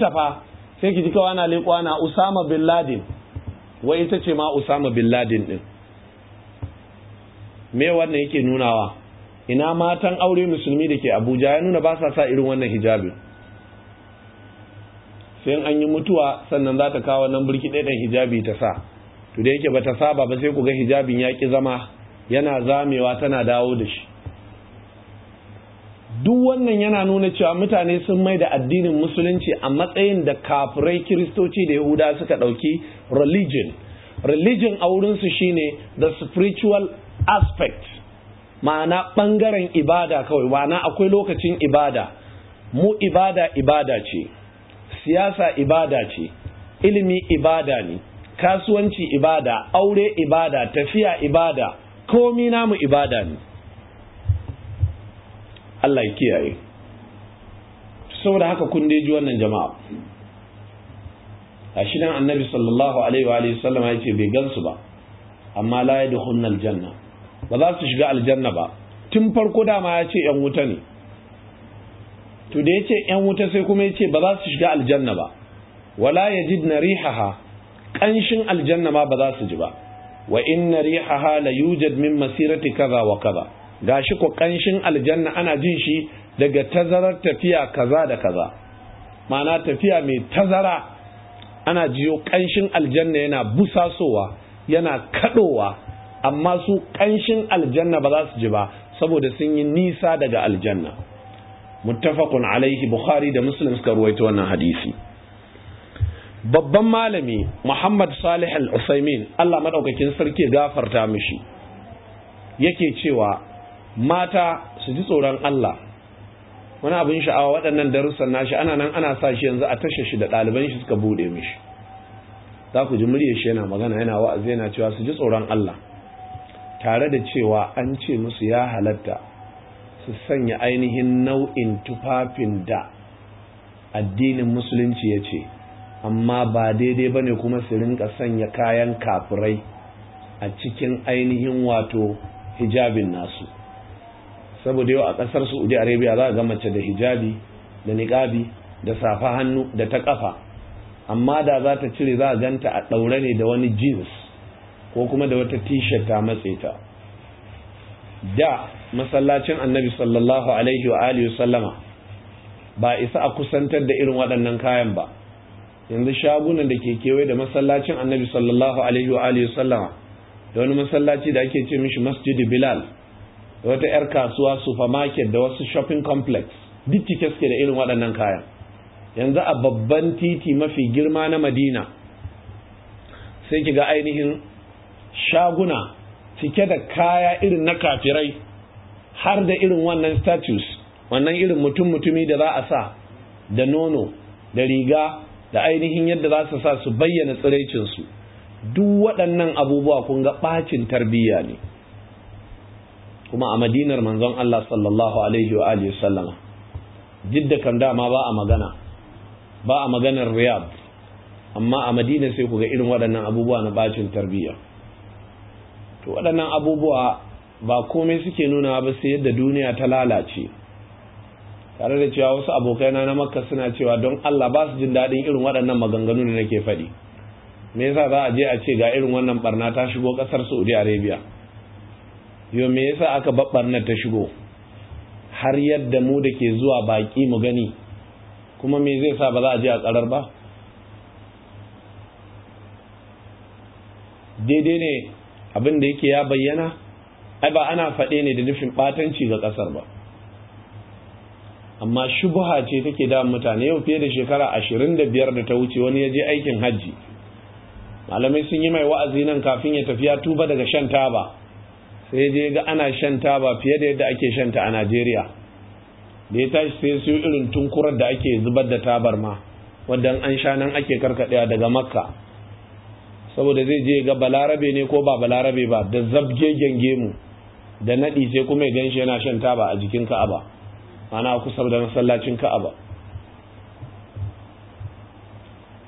tafa sai ki ji kawai ana leƙo ana Usama bin Laden wai ita ce ma Usama bin Laden din me wannan yake nunawa ina matan aure musulmi da ke Abuja ya nuna ba sa sa irin wannan hijabi sai an yi mutuwa sannan za ta kawo nan burki ɗaya hijabi ta sa to da yake ba ta saba ba sai ku ga hijabin ya ki zama yana zamewa tana dawo da shi duk wannan yana nuna cewa mutane sun mai da addinin musulunci a matsayin da kafirai kiristoci da yahuda suka ɗauki religion religion a wurinsu shine the spiritual aspect ma'ana ɓangaren ibada kawai ma'ana akwai lokacin ibada mu ibada ibada ce siyasa ibada ce ilimi ibada ne kasuwanci ibada aure ibada tafiya ibada komi namu ibada ne Allah ya kiyaye saboda haka kun dai ji wannan jama'a a shidan annabi sallallahu alaihi wa alihi sallama ya ce bai gansu ba amma la yadkhulna aljanna ba za su shiga aljanna ba tun farko dama ya ce yan wuta ne to da ya ce yan wuta sai kuma ya ce ba za su shiga aljanna ba wala na rihaha kanshin aljanna ma ba za su ji ba wa na rihaha la yujad min masirati kaza wa kaza shi ko kanshin aljanna ana jin shi daga tazarar tafiya kaza da kaza ma'ana tafiya mai tazara ana jiyo ƙanshin aljanna yana busasowa yana kaɗowa, amma su ƙanshin aljanna ba za su ji ba saboda sun yi nisa daga aljanna muttafaqun alaihi bukhari da muslim suka ruwaito wannan hadisi babban malami muhammad salih al-usaimin allah madaukakin sarki gafarta mishi yake cewa mata su ji tsoron Allah wani abin sha'awa waɗannan darussan nashi ana nan ana sa shi yanzu a tashe shi da ɗaliban shi suka buɗe mishi za ku ji muryar shi yana magana yana wa'azi yana cewa su ji tsoron Allah tare da cewa an ce musu ya halatta su sanya ainihin nau'in tufafin da addinin musulunci ya ce amma ba daidai ba ne kuma su rinka sanya kayan kafirai a cikin ainihin wato hijabin nasu saboda yau a kasar Saudi Arabia za a ga mace da hijabi da niqabi da safa hannu da ta kafa amma da za ta cire za a ganta a daure ne da wani jeans ko kuma da wata t-shirt ta matse ta da masallacin Annabi sallallahu alaihi wa alihi sallama ba isa a kusantar da irin waɗannan kayan ba yanzu shagunan da ke kewaye da masallacin Annabi sallallahu alaihi wa alihi sallama da wani masallaci da ake ce mishi Masjid Bilal wata 'yar kasuwa supermarket da wasu shopping complex duk cike suke da irin waɗannan kayan yanzu a babban titi mafi girma na madina sai ki ga ainihin shaguna cike da kaya irin na kafirai har da irin wannan status wannan irin mutum-mutumi da za a sa da nono da riga da ainihin yadda za su sa su bayyana tsiraicinsu duk waɗannan abubuwa kun ga ɓacin tarbiyya ne kuma a madinar manzon Allah sallallahu alaihi wa alihi sallama jidda kan dama ba a magana ba a maganar riyad amma a madina sai ku ga irin waɗannan abubuwa na bacin tarbiyya to waɗannan abubuwa ba komai suke nuna ba sai yadda duniya ta lalace tare da cewa wasu abokaina na makka suna cewa don Allah ba su jin daɗin irin waɗannan maganganu da nake faɗi me yasa za a je a ce ga irin wannan barna ta shigo ƙasar Saudi Arabia Yau me yasa aka babbarnar ta shigo har yadda mu da ke zuwa baki mu gani kuma me zai sa ba za a je a tsarar ba daidai ne abin da yake ya bayyana ai ba ana faɗe ne da nufin ɓatanci ga ƙasar ba amma shubuha ce take da mutane yau fiye da shekara ashirin da biyar da ta wuce wani ya je aikin hajji malamai sun yi mai wa'azi nan kafin ya tafiya tuba daga shan taba sai je ga ana shan taba fiye da yadda ake shanta a Najeriya da ya tashi sai su irin tunkurar da ake zubar da tabar ma wadda an sha nan ake karkadewa daga makka saboda zai je ga balarabe ne ko ba balarabe ba da zabgegen gemu da naɗi sai kuma ya ganshi yana shan taba a jikin ka'aba ana kusa da masallacin ka'aba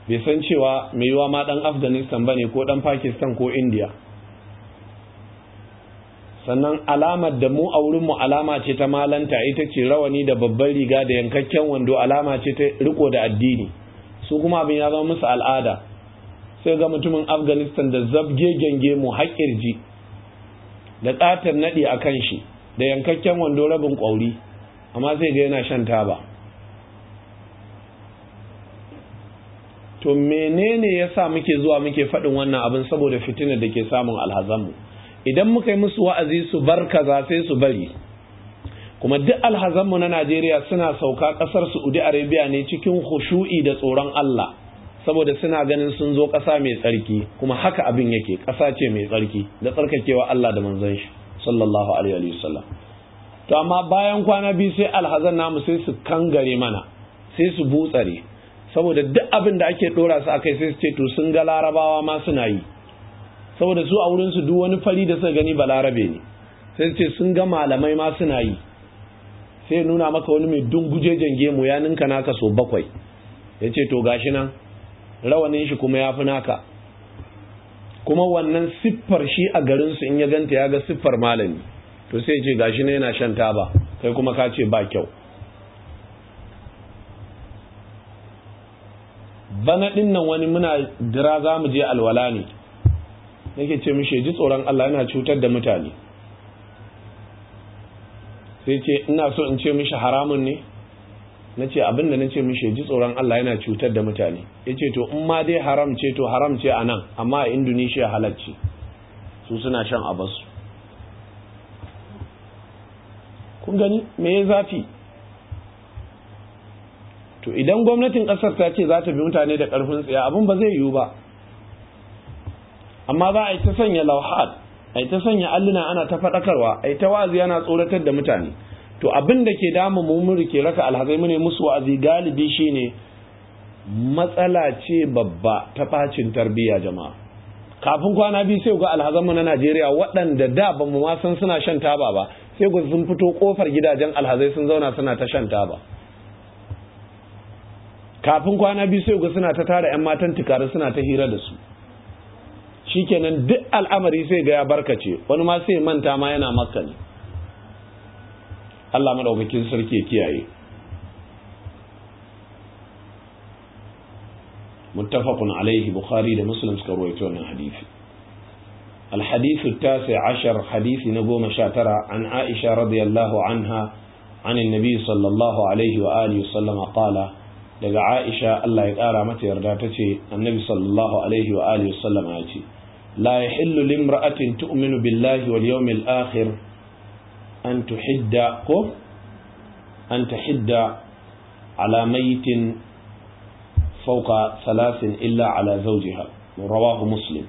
bai san cewa mai yiwa ma ɗan afghanistan ba ne ko ɗan pakistan ko india sannan alamar da mu a wurinmu alama ce ta malanta ita ce rawani da babban riga da yankakken wando alama ce ta riko da addini su kuma abin ya zama musu al'ada sai ga mutumin afghanistan da zabge genge mu haƙirji da ƙatar naɗi a kan shi da yankakken wando rabin ƙwauri amma sai ga yana shan taba to menene ya sa muke zuwa muke faɗin wannan abin saboda fitinar da ke samun alhazanmu idan muka yi musu wa'azi su bar kaza sai su bari kuma duk alhazanmu na Najeriya suna sauka kasar Saudi Arabia ne cikin khushu'i da tsoron Allah saboda suna ganin sun zo ƙasa mai tsarki kuma haka abin yake ƙasa ce mai tsarki da tsarkakewa Allah da manzon shi sallallahu alaihi wa sallam to amma bayan kwana biyu sai alhazan namu sai su kangare mana sai su butsare saboda duk abin da ake dora su akai sai su ce to sun ga larabawa ma suna yi saboda su a wurin su duk wani fari da suka gani balarabe ne sai ce sun ga malamai ma suna yi sai nuna maka wani mai jange gemu ya ninka naka so bakwai ya ce to gashi nan rawanin shi kuma ya fi naka kuma wannan siffar shi a garinsu in ya ganta ya ga siffar malami to sai ce gashi na yana shan taba kai kuma ka ce ba kyau bana ɗin wani muna dira za mu je alwala ne nake ce mishi ji tsoron Allah yana cutar da mutane sai ce ina so in ce mishi haramun ne na ce abinda na ce mishi ji tsoron Allah yana cutar da mutane ya ce to in ma dai haram ce to haram ce a nan amma a indonesia halarci su suna shan abasu kun gani me ya zafi to idan gwamnatin ƙasar ta ce za ta bi mutane da ƙarfin tsaya abin ba zai yiwu ba amma za a yi ta sanya lauhad a yi ta sanya alluna ana ta faɗakarwa a yi ta wa'azi ana tsoratar da mutane to abin da ke damu mu mun rike raka alhazai mu ne musu wa'azi galibi shine matsala ce babba ta facin tarbiyya jama'a kafin kwana biyu sai ga alhazan mu na Najeriya waɗanda da ba mu ma san suna shan taba ba sai ga sun fito kofar gidajen alhazai sun zauna suna ta shan taba kafin kwana biyu sai ga suna ta tara 'yan matan tukare suna ta hira da su shikenan duk al'amari sai ga ya barkace wani ma sai manta ma yana makka ne Allah madaukakin sarki kiyaye muttafaqun Alayhi bukhari da muslim suka rawaito wannan hadisi الحديث التاسع عشر حديث نبوم شاترة عن عائشة رضي الله عنها عن النبي صلى الله عليه وآله وسلم قال لقى عائشة الله يقارى متى يرداتتي النبي صلى الله عليه وآله وسلم آتي لا يحل لامرأة تؤمن بالله واليوم الآخر أن تحد أن تحد على ميت فوق ثلاث إلا على زوجها رواه مسلم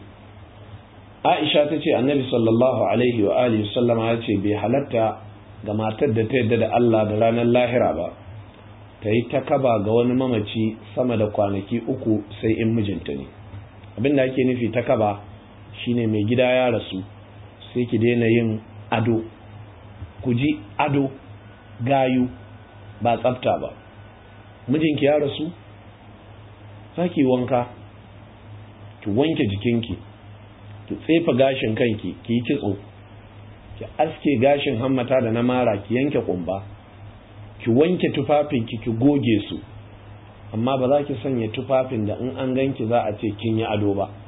Aisha ta ce annabi sallallahu alaihi wa alihi ya ce bai halarta ga matar da ta yadda da Allah da ranar lahira ba ta yi ta ga wani mamaci sama da kwanaki uku sai in mijinta ne abin da ake nufi takaba. shine mai gida ya rasu sai ki daina yin ado ku ji ado gayu ba tsafta ba mijinki ya rasu saki wanka ki wanke jikinki ki tsefa gashin kanki ki yi kitso ki aske gashin hammata da na mara ki yanke kumba ki wanke tufafinki ki goge su amma ba za ki sanya tufafin da in an ganki za a ce kin yi ado ba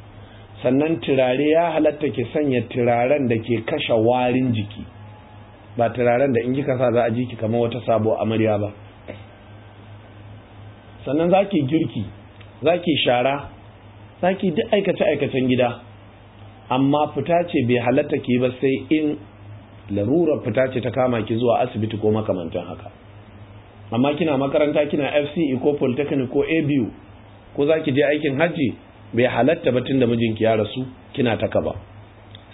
sannan turare ya halatta ke sanya turaren da ke kashe warin jiki ba turaren da in kika sa za a ji ki kamar wata sabo amarya ba sannan za ki girki za ki shara za ki duk aikace-aikacen gida amma fita ce bai halatta ki ba sai in larurar fita ce ta kama ki zuwa asibiti ko makamantan haka amma kina makaranta kina fce ko polytechnic ko abu ko za ki je aikin hajji bai halatta ba tun da mijinki ya rasu kina taka ba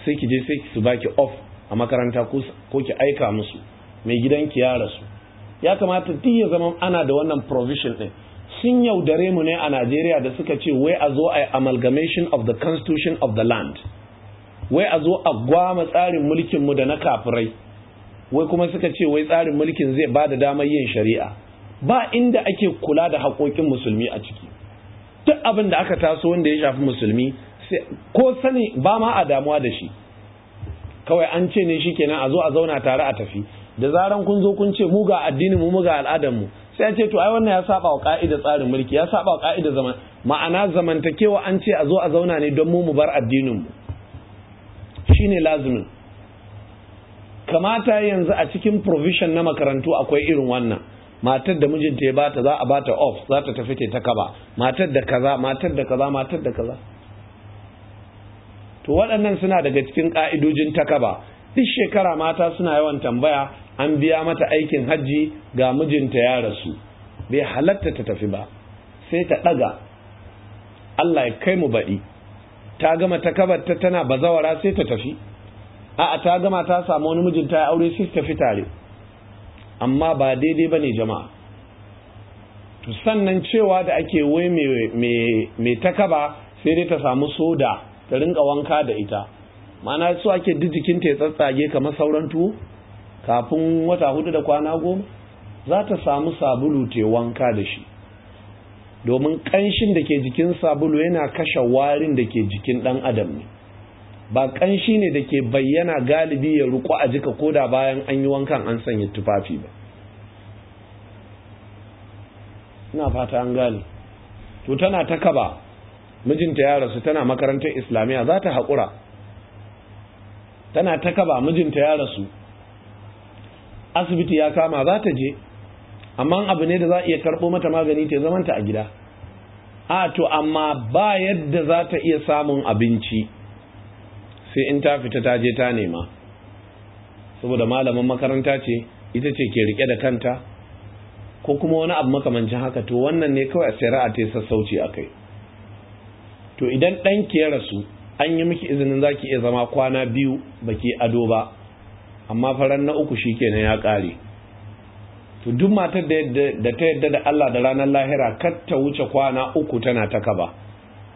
sai ki je sai ki su baki off a makaranta ko ki aika musu mai gidanki ya rasu ya kamata duk ya zama ana da wannan provision din sun yaudare mu ne a Najeriya da suka ce wai a zo a amalgamation of the constitution of the land wai a zo a gwama tsarin mulkin mu da na kafirai wai kuma suka ce wai tsarin mulkin zai ba da damar yin shari'a ba inda ake kula da haƙoƙin musulmi a ciki duk abin da aka taso wanda ya shafi musulmi ko sani ba ma a damuwa da shi kawai an ce ne shi shikenan a zo a zauna tare a tafi da zaran kun zo kun ce mu ga addinin mu muga ga al'adar mu sai ce to ai wannan ya saba wa ka'ida tsarin mulki ya saba wa ka'ida zaman ma'ana zamantakewa an ce a zo a zauna ne don mu mu bar addinin mu shine lazimin kamata yanzu a cikin provision na makarantu akwai irin wannan matar da mijinta ya bata za a bata off za ta tafi ta kaba matar da kaza matar da kaza matar da kaza to waɗannan suna daga cikin ƙa'idojin takaba duk shekara mata suna yawan tambaya an biya mata aikin hajji ga mijinta ya rasu bai halatta ta tafi ba sai ta ɗaga Allah ya kai mu baɗi ta gama takabar ta tana bazawara sai ta tafi a'a ta gama ta samu wani mijinta ya aure sai ta fi tare amma ba daidai ba ne jama'a sannan cewa da ake wai mai takaba sai dai ta samu soda ta rinka wanka da ita mana su ake jikinta ya tsatsage kamar sauran tuwo kafin wata hudu da kwana goma za ta samu sabulu ta wanka da shi domin kanshin da ke jikin sabulu yana kashe warin da ke jikin dan adam ne ba ƙanshi ne da ke bayyana galibi ya ruku a jika ko da bayan an yi wankan an sanya tufafi ba ina fata an gane to tana ta kaba mijinta ya rasu tana makarantar islamiyya za ta haƙura tana ta kaba mijinta ya rasu asibiti ya kama za ta je amma abu ne da za a iya karɓo mata magani ta zamanta a gida a to amma ba yadda za ta iya samun abinci sai in ta fita ta je ta nema saboda malamin makaranta ce ita ce ke rike da kanta ko kuma wani abu makamancin haka to wannan ne kawai a shari'a ta sassauci a kai to idan ɗan ki ya rasu an yi miki izinin za ki iya zama kwana biyu baki ado ba amma faran na uku shi shikenan ya ƙare to duk matar da ta yadda da Allah da ranar lahira kar ta wuce kwana uku tana ta kaba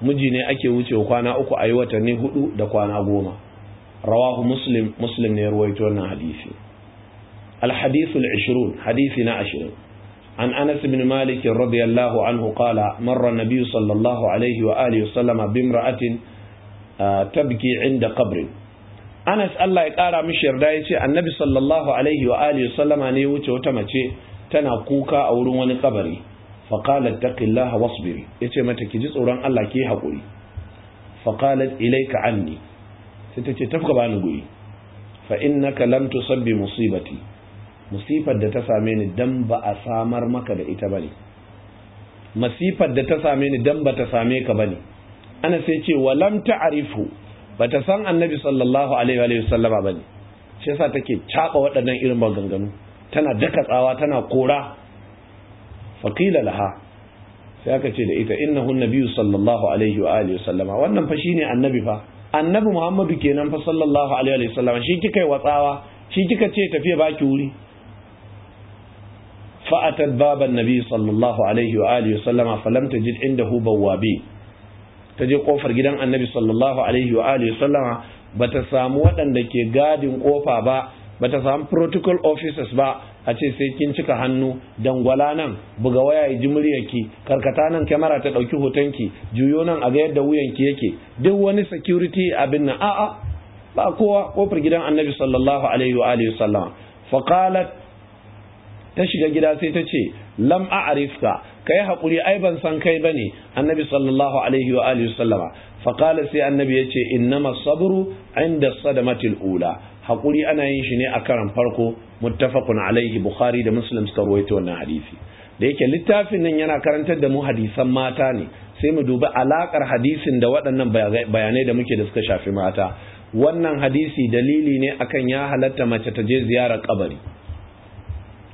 miji ne ake wucewa kwana uku a yi watanni hudu da kwana goma rawahu muslim muslim ne ruwaito wannan hadisi alhadisul 20 hadisi na 20 an anas ibn malik radiyallahu anhu kala marra nabiyyu sallallahu alayhi wa alihi wa sallama bi ah, tabki inda qabri anas allah ya kara mishi yarda yace annabi sallallahu alayhi wa alihi wa sallama ne ya wuce wata mace tana kuka a wurin wani kabari faqalat taqillaha wasbir yace mata ki ji tsoron Allah ki hakuri faqalat ilaika, anni sai tace tafka bani guri fa innaka lam tusabbi musibati musifar da ta same ni dan ba a samar maka da ita bane masifar da ta same ni dan ba ta same ka bane ana sai ce wa lam ta'rifu bata san annabi sallallahu alaihi wa sallama bane shi yasa take chaba waɗannan irin maganganu tana daka tsawa tana kora faqila laha sai aka ce da ita innahu nabiyyu sallallahu alaihi wa alihi sallama wannan fa shine annabi fa annabi muhammadu kenan fa sallallahu alaihi wa sallama shi kika yi watsawa shi kika ce tafiya baki wuri فأتت باب النبي صلى الله عليه وآله وسلم فلم ta je بوابي gidan annabi sallallahu alaihi wa الله ba bata samu waɗanda ke gadin غادن ba با samu protocol officers ba. a ce sai kin cika hannu dangwala nan buga waya ya ji muryarki karkata nan kyamara ta ɗauki hotonki juyo nan a ga yadda wuyanki yake duk wani security abin nan a'a ba kowa kofar gidan annabi sallallahu alaihi wa alihi sallama faqalat ta shiga gida sai ta ce lam a'rifka kai hakuri ai ban san kai bane annabi sallallahu alaihi wa alihi sallama faqala sai annabi yace inna sabru inda sadamatil ula hakuri ana yin shi ne a karan farko muttafaqun alaihi bukhari da muslim suka rawaito wannan hadisi da yake littafin nan yana karantar da mu hadisan mata ne sai mu dubi alakar hadisin da waɗannan bayanai da muke da suka shafi mata wannan hadisi dalili ne akan ya halatta mace ta je ziyarar kabari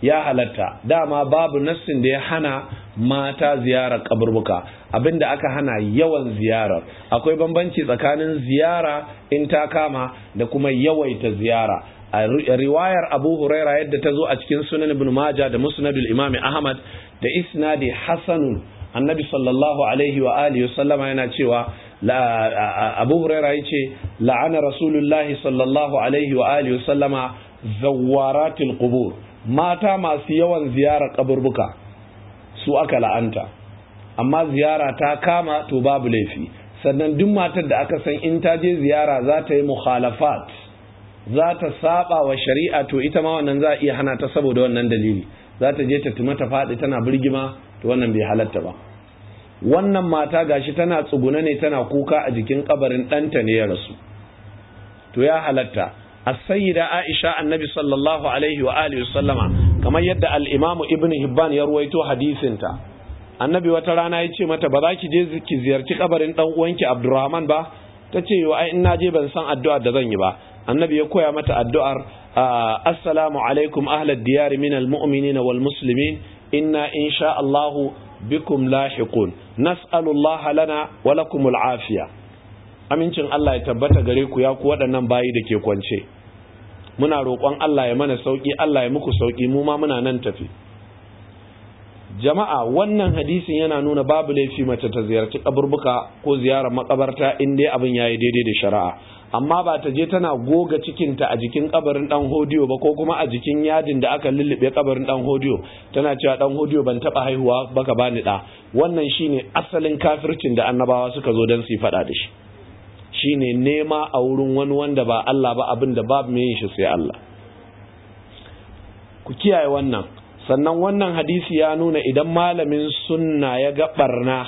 ya halatta dama babu nassin da ya hana mata ziyarar kaburbuka abinda aka hana yawan ziyarar akwai bambanci tsakanin ziyara in ta kama da kuma yawaita ziyara a riwayar abu huraira yadda ta zo a cikin sunan ibn maja da musnadul imami ahmad da isnadi hasanun annabi sallallahu alaihi wa alihi sallama yana cewa abu huraira yace la'ana rasulullahi sallallahu alaihi wa alihi sallama zawaratil qubur mata masu yawan ziyarar kaburbuka su aka la'anta amma ziyara ta kama to babu laifi sannan duk matar da aka san in ta je ziyara za ta yi mukhalafat za ta saba wa shari'a to ita ma wannan za a iya hana ta saboda wannan dalili za ta je ta tuma ta faɗi tana birgima to wannan bai halatta ba wannan mata gashi tana tsuguna ne tana kuka a jikin kabarin ɗanta ne ya rasu to ya halatta A sayyida Aisha annabi sallallahu alaihi wa alihi sallama kamar yadda al-Imam Ibn Hibban ya ruwaito hadisinta. annabi wata rana ya ce mata ba za ki je ki ziyarci kabarin dan uwanki Abdurrahman ba ta ce wa ai in na je ban san addu'ar da zan yi ba annabi ya koya mata addu'ar assalamu alaikum ahlad diyar min al-mu'minina wal muslimin inna insha Allah bikum lahiqun nas'alullaha lana wa lakumul afiya amincin Allah ya tabbata gare ku ya ku waɗannan bayi da ke kwance muna roƙon Allah ya mana sauƙi Allah ya muku sauƙi mu ma muna nan tafi jama'a wannan hadisin yana nuna babu laifi mace ta ziyarci kaburbuka ko ziyarar makabarta in dai abin yayi daidai da shari'a amma ba ta je tana goga cikinta a jikin kabarin dan hodiyo ba ko kuma a jikin yadin da aka lullube kabarin dan hodiyo tana cewa dan hodiyo ban taba haihuwa baka bani da wannan shine asalin kafircin da annabawa suka zo don su yi fada da shi shine nema a wurin wani wanda ba Allah ba abin da babu mai shi sai Allah ku kiyaye wannan sannan wannan hadisi ya nuna idan malamin sunna ya ga barna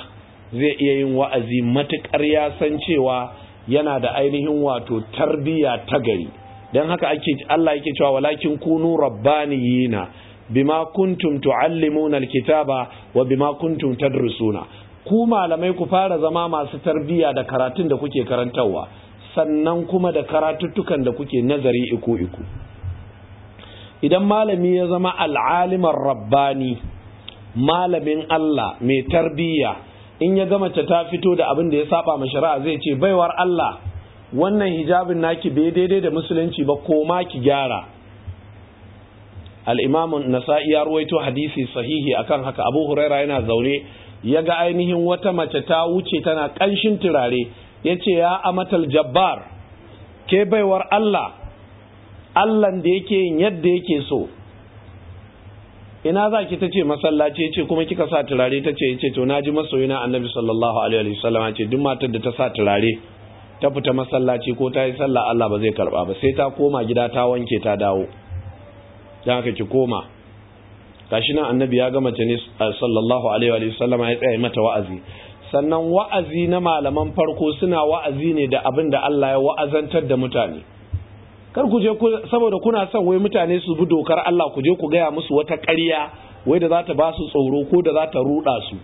zai iya yin wa'azi matukar ya san cewa yana da ainihin wato tarbiya ta gari don haka ake Allah yake cewa walakin kunu rabbaniyina bima kuntum tuallimuna alkitaba wa bima kuntum tadrusuna ku malamai ku fara zama masu tarbiyya da karatun da kuke karantarwa sannan kuma da karatuttukan da kuke nazari iko iku idan malami ya zama al'alimar rabbani malamin Allah mai tarbiyya in ya gama ta ta fito da abin da ya saba ma shari'a zai ce baiwar Allah wannan hijabin naki bai daidai da musulunci ba ko ma ki gyara al-imam nasa'i ya ruwaito hadisi sahihi akan haka abu huraira yana zaune ya ga ainihin wata mace ta wuce tana ƙanshin turare ya ce ya amatal jabbar ke baiwar Allah Allahn da yake yin yadda yake so ina za ki ta ce masallaci ya ce kuma kika sa turare ta ce ya ce to na ji masoyina annabi sallallahu alaihi wasallam ce duk matar da ta sa turare ta fita masallaci ko ta yi sallah Allah ba zai karba ba sai ta koma gida ta wanke ta dawo don haka ki koma gashi nan annabi ya gama ne sallallahu alaihi wa sallam ya tsaya mata wa'azi sannan wa'azi na malaman farko suna wa'azi ne da abin da Allah ya wa'azantar da mutane kar ku je saboda kuna son wai mutane su bi dokar Allah ku je ku gaya musu wata ƙarya wai da za ta ba su tsoro ko da za ta ruɗa su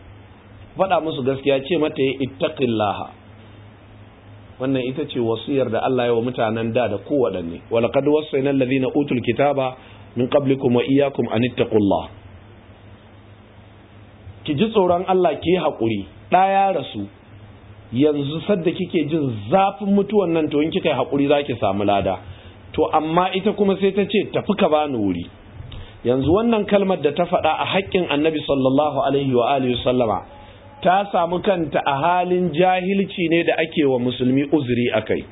faɗa musu gaskiya ce mata ya ittaqillaha wannan ita ce wasiyar da Allah ya wa mutanen da da kowaɗanne walaqad wasayna ladina utul kitaba min qablikum wa iyyakum an ittaqullah ki ji tsoron Allah ki haƙuri Da ya rasu yanzu sadda kike jin zafin mutuwan nan to in kika yi haƙuri za samu lada to amma ita kuma sai ta ce tafi ka bani wuri yanzu wannan kalmar da ta faɗa a haƙƙin annabi sallallahu alaihi wa alihi sallama ta samu kanta a halin jahilci ne da ake wa musulmi uzuri akai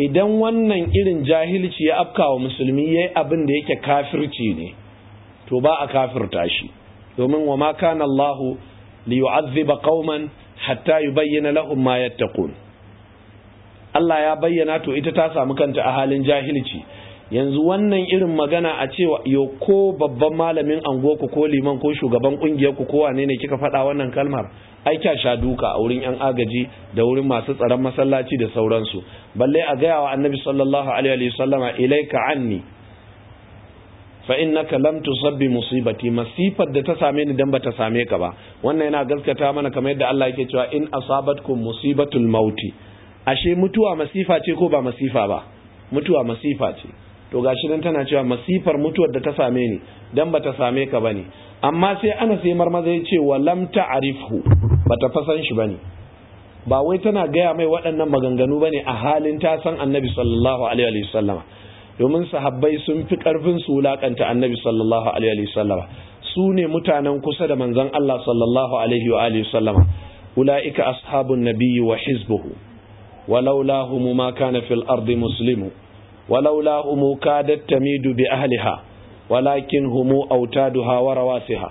idan wannan irin jahilci ya afka wa musulmi yayi abin da yake kafirci ne to ba a kafirta shi domin wa ma kana Allahu li yu'azziba qauman hatta yubayyana lahum ma yattaqun Allah ya bayyana to ita ta samu kanta a halin jahilci yanzu wannan irin magana a cewa yo ko babban malamin anguwarku ko liman ko shugaban kungiyar ku ko wane ne kika faɗa wannan kalmar ai kya sha duka a wurin yan agaji da wurin masu tsaron masallaci da sauransu balle a gaya wa annabi sallallahu alaihi wa sallama ilaika anni fa innaka lam tusabbi musibati masifar da ta same ni dan ta same ka ba wannan yana gaskata mana kamar yadda Allah yake cewa in asabatkum musibatul mauti ashe mutuwa masifa ce ko ba masifa ba mutuwa masifa ce to gashi nan tana cewa masifar mutuwar da ta same ni dan bata same ka bane amma sai ana sai marmaza ya ce wa lam ta'rifhu ta fasan shi bane ba wai tana gaya mai waɗannan maganganu bane a halin ta san annabi sallallahu alaihi wasallama domin sahabbai sun fi karfin su wulakanta annabi sallallahu alaihi wasallama su ne mutanen kusa da manzon Allah sallallahu alaihi wa alihi wasallama ulaika ashabun nabiyyi wa hizbuhu walaula ma kana fil ardi muslimu walaula umu kadat tamidu bi ahliha walakin humu autaduha wa rawasiha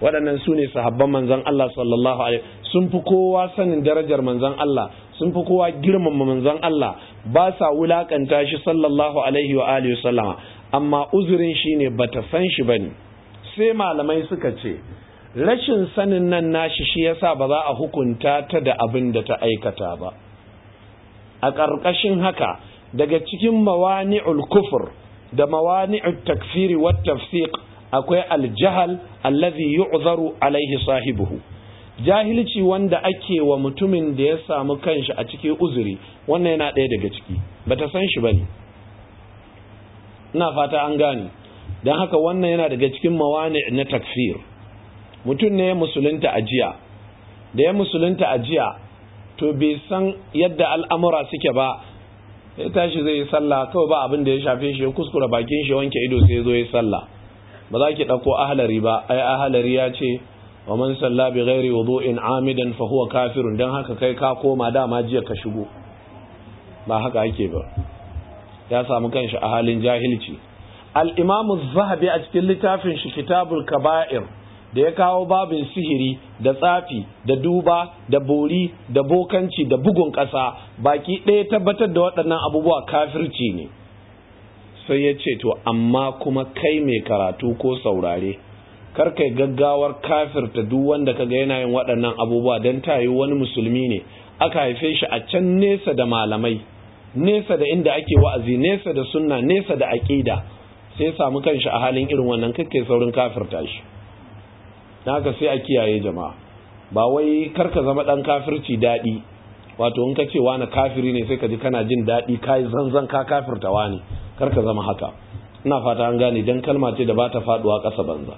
waɗannan su ne sahabban Allah sallallahu alaihi sun fi kowa sanin darajar manzon Allah sun fi kowa girmama manzon Allah ba sa wulakanta shi sallallahu alaihi wa alihi sallama amma uzurin shi ne ta san shi ba ne. sai malamai suka ce rashin sanin nan nashi shi yasa ba za a hukunta ta da abin da ta aikata ba a ƙarƙashin haka daga cikin mawani'ul kufur da mawani'ul takfiri wa tafsiq akwai aljahal allazi yu'zaru alaihi sahibuhu jahilci wanda ake wa mutumin da ya samu kanshi a cikin uzuri wannan yana ɗaya daga ciki bata san shi bane ina fata an gane don haka wannan yana daga cikin mawani na takfir mutum ne ya musulunta a jiya da ya musulunta a jiya to bai san yadda al'amura suke ba ya tashi zai yi sallah kawai ba abin da ya shafe shi ya kuskura bakin shi wanke ido sai ya zo ya sallah ba za ki ɗauko ahalari ba ai ahalari ya ce wa man salla bi ghairi wudu'in amidan fa huwa kafirun dan haka kai ka koma dama jiya ka shigo ba haka ake ba ya samu kanshi a halin jahilci al-imam az-zahabi a cikin littafin shi kitabul kaba'ir da ya kawo babin sihiri da tsafi da duba da bori da bokanci da bugun ƙasa baki ɗaya tabbatar da waɗannan abubuwa kafirci ne sai ya ce to amma kuma kai mai karatu ko saurare kar yi gaggawar kafirta duk wanda kaga yana yin waɗannan abubuwa don ta yi wani musulmi ne aka haife shi a can nesa da malamai nesa da inda ake wa'azi nesa da sunna nesa da aƙida sai samu kanshi a halin irin wannan kake saurin kafirta shi na haka sai a kiyaye jama'a ba wai karka zama dan kafirci daɗi wato in ka ce wani kafiri ne sai ka ji kana jin daɗi ka yi zanzan ka kafirta wani karka zama haka ina fata an gane don kalma ce da ba ta faɗuwa ƙasa banza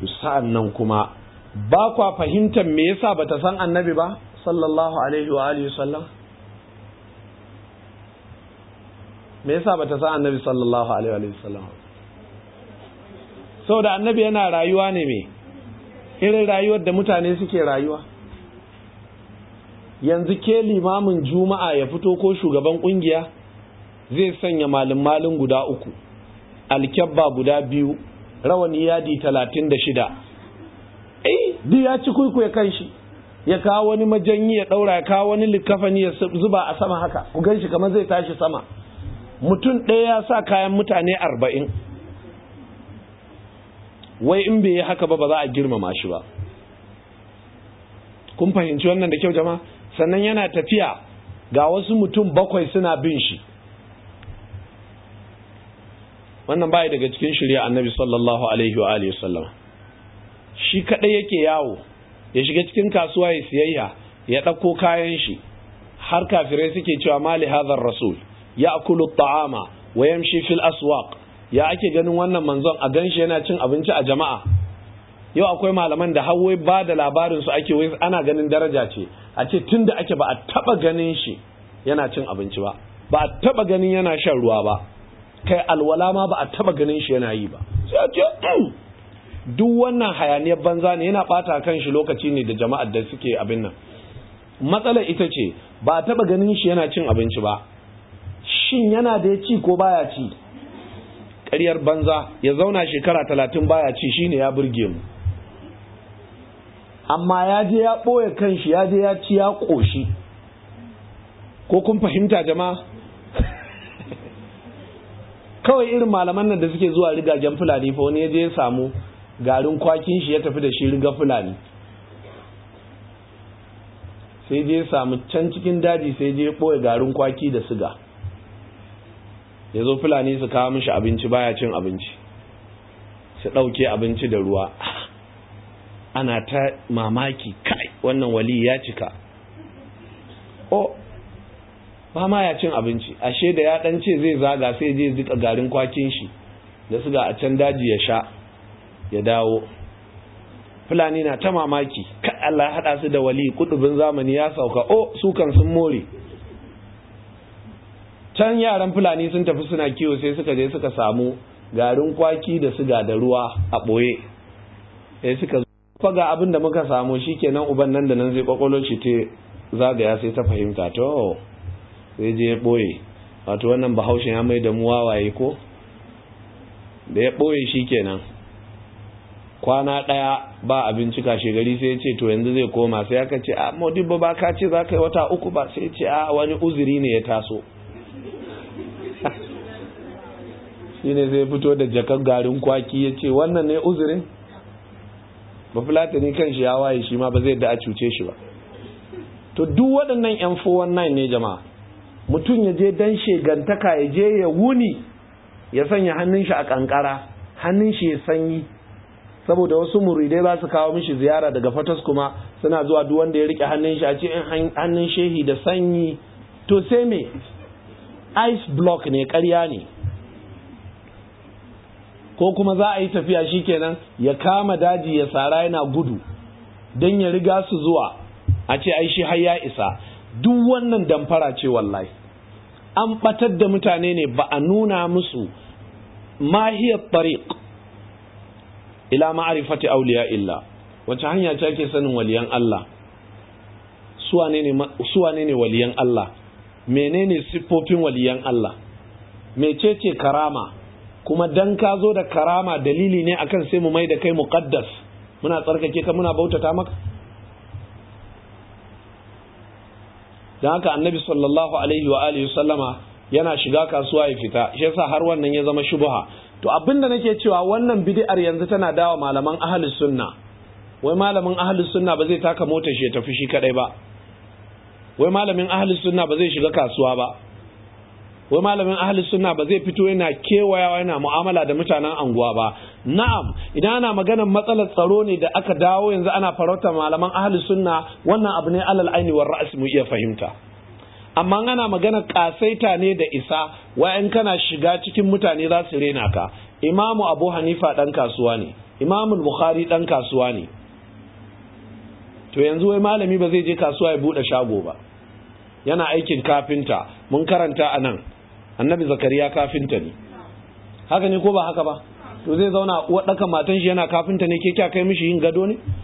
to sa'an nan kuma ba kwa fahimtar me yasa ta san annabi ba sallallahu alaihi wa alihi sallam me yasa ta san annabi sallallahu alaihi wa alihi sallam saboda annabi yana rayuwa ne me irin rayuwar da mutane suke rayuwa yanzu ke limamin juma'a ya fito ko shugaban kungiya zai sanya malin malin guda uku alkyabba guda biyu rawani yadi talatin da shida E, duk ya ci kwaikwaya kan shi ya kawo wani majanyi ya ɗaura ya kawo wani likafani ya zuba a sama haka ku ganshi shi kamar zai tashi sama mutum ɗaya ya sa kayan mutane arba'in wai in bai yi haka ba ba za a girmama shi ba kun fahimci wannan da kyau jama'a sannan yana tafiya ga wasu mutum bakwai suna bin shi wannan bai daga cikin shirya annabi sallallahu alaihi wa alihi sallam shi kadai yake yawo ya shiga cikin kasuwa ya siyayya ya ɗauko kayan shi har kafirai suke cewa mali hadhar rasul ya akulu ta'ama wa yamshi fil aswaq ya ake ganin wannan manzon a ganshi yana cin abinci a jama'a yau akwai malaman da hawai ba da labarin su ake wai ana ganin daraja ce a ce tunda ake ba a taba ganin shi yana cin abinci ba ba a taba ganin yana shan ruwa ba kai alwala ma ba a taba ganin shi yana yi ba sai ce mm. duk wannan hayaniyar banza ne yana bata kan shi lokaci ne da jama'a da suke abin nan matsalar ita ce ba a taba ganin shi yana cin abinci ba shin yana da ya ci ko baya ci ƙaryar banza ya zauna shekara talatin baya ci shine ya burge mu amma ya je ya ɓoye kanshi ya je ya ci ya ƙoshi ko kun fahimta jama'a kawai irin malaman nan da suke zuwa rigagen fulani fa wani ya je ya samu garin kwakin shi ya tafi da shi riga fulani sai je ya samu can cikin daji sai je ya ɓoye garin kwaki da siga ya zo fulani su kawo mishi abinci baya cin abinci su ɗauke abinci da ruwa ana ta mamaki kai wannan wali ya cika o oh, ba ma ya cin abinci ashe da ya ɗan ce zai zaga sai je zika garin kwakin shi da suga a can daji ya sha ya dawo fulani na ta mamaki kai Allah ya haɗa su da wali kudubin zamani ya sauka o oh, sukan sun more can yaran fulani sun tafi suna kiwo sai suka je suka samu garin kwaki da siga da ruwa a ɓoye sai suka fa ga abin da muka samu shikenan uban nan da nan zai kwakwalo shi te zagaya sai ta fahimta to sai je ɓoye wato wannan bahaushen ya mai da mu wawaye ko da ya ɓoye shikenan kwana ɗaya ba abinci kashe gari sai ce to yanzu zai koma sai aka ce a modibba ba ka ce za ka yi wata uku ba sai ce a wani uzuri ne ya taso ne zai fito da jakar garin kwaki ya ce wannan ne uzurin ba fulatani kan shi ya waye shi ma ba zai da a cuce shi ba to duk waɗannan yan 419 ne jama'a mutum ya je dan shegantaka ya je ya wuni ya sanya hannun shi a kankara hannun shi ya sanyi saboda wasu muridai ba su kawo mishi ziyara daga fatas kuma suna zuwa duk wanda ya rike hannun shi a ce hannun shehi da sanyi to sai me ice block ne karya ne ko kuma za a yi tafiya shi kenan ya kama daji ya tsara yana gudu don ya riga su zuwa a ce ai shi har ya isa duk wannan damfara ce wallahi an batar da mutane ne ba a nuna musu mahiyar tariq ila ma'arifati auliya illa wace hanya ce ake sanin waliyan Allah suwane ne waliyan Allah menene siffofin waliyan Allah mecece karama kuma dan ka zo da karama dalili ne akan sai mu mai da kai muqaddas muna tsarkake ka muna bautata maka dan haka annabi sallallahu alaihi wa alihi sallama yana shiga kasuwa ya fita shi yasa har wannan ya zama shubha to abinda nake cewa wannan bid'ar yanzu tana dawa malaman ahlus sunna wai malamin ahlus sunna ba zai taka motar shi ya tafi shi kadai ba wai malamin ahlus sunna ba zai shiga kasuwa ba wai malamin ahli sunna ba zai fito yana kewayawa yana mu'amala da mutanen anguwa ba na'am idan ana maganar matsalar tsaro ne da aka dawo yanzu ana farauta malaman ahli sunna wannan abu ne alal aini war mu iya fahimta amma ana maganar kasaita ne da isa wa'in kana shiga cikin mutane za su rena ka imamu abu hanifa dan kasuwa ne imamu bukhari dan kasuwa ne to yanzu wai malami ba zai je kasuwa ya bude shago ba yana aikin kafinta mun karanta anan. annabi zakariya kafinta ne haka ne ko ba haka ba to zai zauna uwa daka matan shi yana kafinta ne ke kya kai mishi yin gado ne